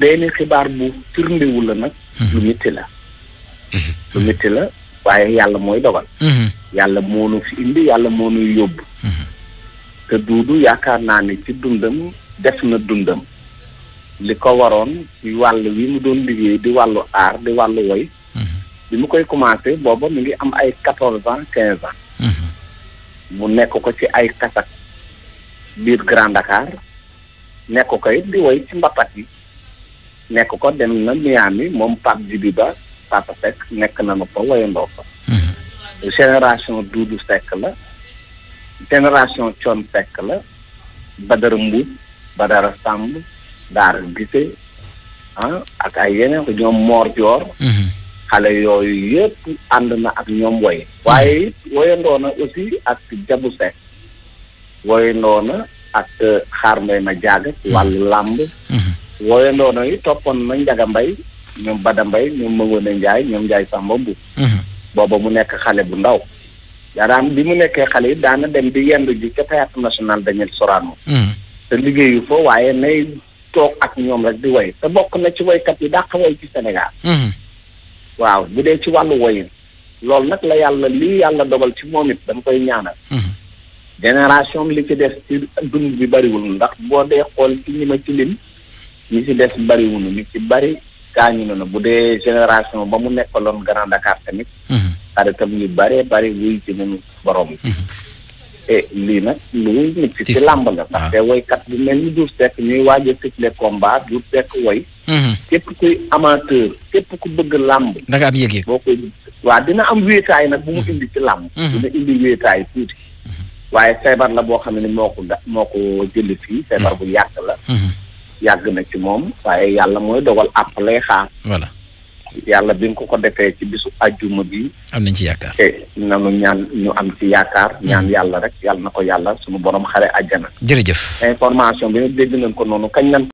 benn xibaar bu firndewul la nag. Mhm. lu métti la. Mhm. lu métti la waaye yàlla mooy dogal. Mhm. yàlla moo fi indi yàlla moo nuy te duudu yaakaar naa ne ci dundam def na dundam. li ko waroon ci wàll wi mu doon liggéey di wàllu aar di wàllu woy. bi mu koy commencé booba mu ngi am ay quatorze ans quinze ans. mu nekk ko ci ay kasak biir Grand Dakar nekk ko it di woy ci mbapat yi. nekk ko dem na Miami moom Pape Djibi Ba Papa Seck nekk na nu fa woyandoo fa. Mhm. génération Doudou Seck la. génération Thione Seck la. Badara Mbuub Badara sàmb Daara Gise ah ak ay yeneen ko ñoom Mor Joor mhm. xale yooyu yëpp ànd na ak ñoom woy waaye it woyandoo aussi ak Jabu Seck woyandoo ak eh, Xaar Mbay ma jaaga ci mhm. làmb wooyandoo na yi toppoon na Njaga Mbay ñoom Bada Mbay ñoom Mawone Njaay ñoom Njaay Samba Mbu mhm. booba mu nekk xale bu ndaw yaaraam bi mu nekkee xale yi daana dem di yendu ji ca théâtre national Daniel Sorano mhm. te liggéeyu fa waaye nay toog ak ñoom rek di woy te bokk na ci woykat yi dàq woy ci Sénégal mhm. waaw bu dee ci wàllu woyin loolu nag la yàlla lii yàlla dogal ci moom it dama koy ñaanal génération li ci des ci dund bi bariwul ndax boo dee xool ci ñi ñi si des bariwunu ñu ci bari gaañu na bu dee génération ba mu nekkaloon Grand Dakar tamit mhm. xaritam yu bare bari wuy ci nañu borom mhm. e lii nag lu nit ci làmb la ndaxte ah. woykat bu mel ni Diouf Seck ñuy waaj a tëjle combat Diouf Seck woy mhm. képp kuy amateur képp ku bëgg làmb da nga am yëg-yëg boo koy waaw dina am wéetaay nag bu mu indi ci làmb dina indi wéetaay tuuti waaye feebar la boo xam ne moo ko da moo ko jël fii feebar bu yàgg la yàgg na ci moom waaye yàlla mooy dogal àpp lay xaar. voilà yàlla bi nga ko ko defee ci bisu àjjuma bi. am na ci yaakaar te nanu ñaan ñu am ci yaakaar. Mm-hmm. ñaan yàlla rek yàlla na ko yàlla sunu borom xare àjjana. jërëjëf information bi dégg nañ ko noonu kañ nan